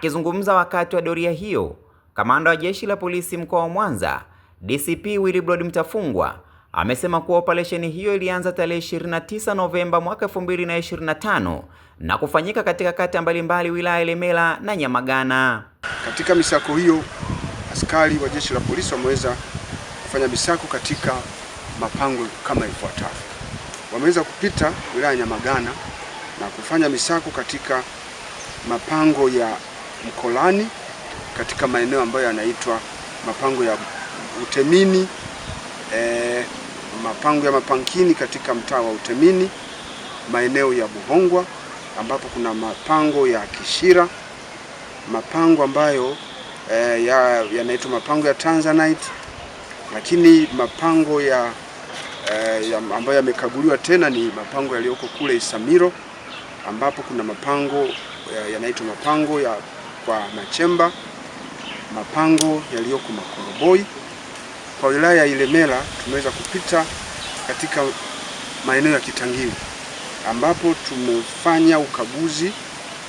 Akizungumza wakati wa doria hiyo, kamanda wa jeshi la polisi mkoa wa Mwanza DCP Wilbrod Mtafungwa amesema kuwa operesheni hiyo ilianza tarehe 29 Novemba mwaka 2025 na kufanyika katika kata mbalimbali wilaya Ilemela na Nyamagana. Katika misako hiyo, askari wa jeshi la polisi wameweza kufanya misako katika mapango kama ifuatavyo. Wameweza kupita wilaya ya Nyamagana na kufanya misako katika mapango ya Mkolani katika maeneo ambayo yanaitwa mapango ya Utemini e, mapango ya Mapankini katika mtaa wa Utemini, maeneo ya Buhongwa ambapo kuna mapango ya Kishira, mapango ambayo e, yanaitwa ya mapango ya Tanzanite, lakini mapango ya, e, ya ambayo yamekaguliwa tena ni mapango yaliyoko kule isamiro ambapo kuna mapango yanaitwa mapango ya kwa Machemba, mapango yaliyoko Makoroboi. Kwa wilaya ya Ilemela tumeweza kupita katika maeneo ya Kitangili ambapo tumefanya ukaguzi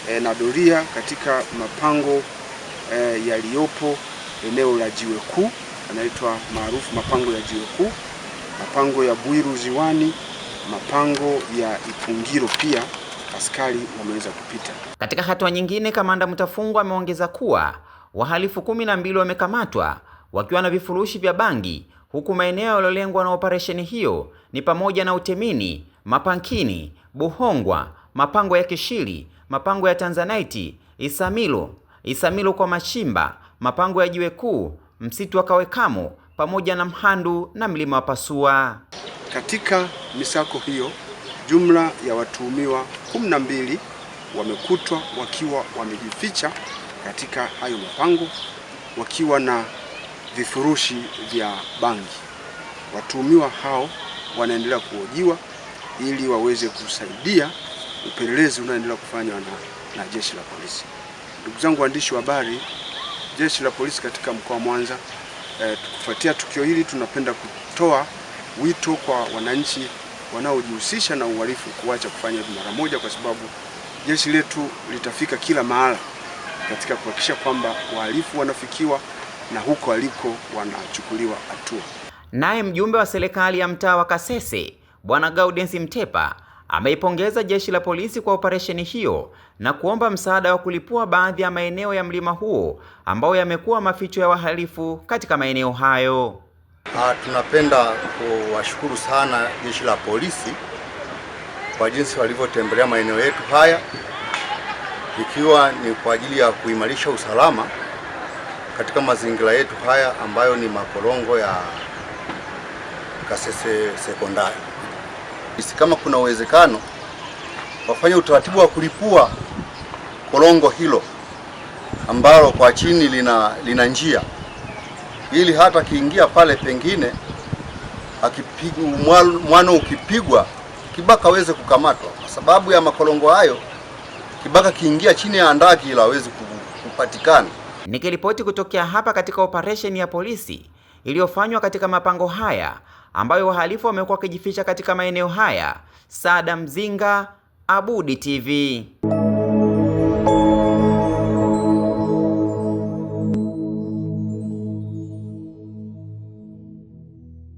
e, na doria katika mapango e, yaliyopo eneo la Jiwe Kuu, yanaitwa maarufu mapango ya Jiwe Kuu, mapango ya Bwiru Ziwani, mapango ya Ipungiro pia askari wameweza kupita. Katika hatua nyingine, kamanda Mtafungwa ameongeza kuwa wahalifu kumi na mbili wamekamatwa wakiwa na vifurushi vya bangi, huku maeneo yaliyolengwa na operesheni hiyo ni pamoja na Utemini, Mapankini, Buhongwa, Mapango ya Kishiri, Mapango ya Tanzanite, Isamilo, Isamilo kwa Mashimba, Mapango ya Jiwe Kuu, msitu wa Kawekamo pamoja na Mhandu na mlima wa Pasua. Katika misako hiyo Jumla ya watuhumiwa 12 wamekutwa wakiwa wamejificha katika hayo mapango wakiwa na vifurushi vya bangi. Watuhumiwa hao wanaendelea kuhojiwa ili waweze kusaidia upelelezi unaoendelea kufanywa na, na jeshi la polisi. Ndugu zangu waandishi wa habari, jeshi la polisi katika mkoa wa Mwanza, eh, kufuatia tukio hili tunapenda kutoa wito kwa wananchi wanaojihusisha na uhalifu kuacha kufanya hivyo mara moja, kwa sababu jeshi letu litafika kila mahala katika kuhakikisha kwamba wahalifu wanafikiwa na huko aliko wanachukuliwa hatua. Naye mjumbe wa serikali ya mtaa wa Kasese Bwana gaudensi Mtepa ameipongeza jeshi la polisi kwa operesheni hiyo na kuomba msaada wa kulipua baadhi ya maeneo ya mlima huo ambayo yamekuwa maficho ya wahalifu katika maeneo hayo. Ha, ah, tunapenda kuwashukuru sana jeshi la polisi kwa jinsi walivyotembelea maeneo yetu haya ikiwa ni kwa ajili ya kuimarisha usalama katika mazingira yetu haya ambayo ni makorongo ya Kasese Sekondari. Kama kuna uwezekano wafanye utaratibu wa kulipua korongo hilo ambalo kwa chini lina, lina njia ili hata akiingia pale pengine akipigwa ukipigwa kibaka aweze kukamatwa. Kwa sababu ya makolongo hayo, kibaka kiingia chini ya andaki ila hawezi kupatikana. Nikiripoti kutokea hapa katika operesheni ya polisi iliyofanywa katika mapango haya ambayo wahalifu wamekuwa wakijificha katika maeneo haya. Sada Mzinga, Abudi TV.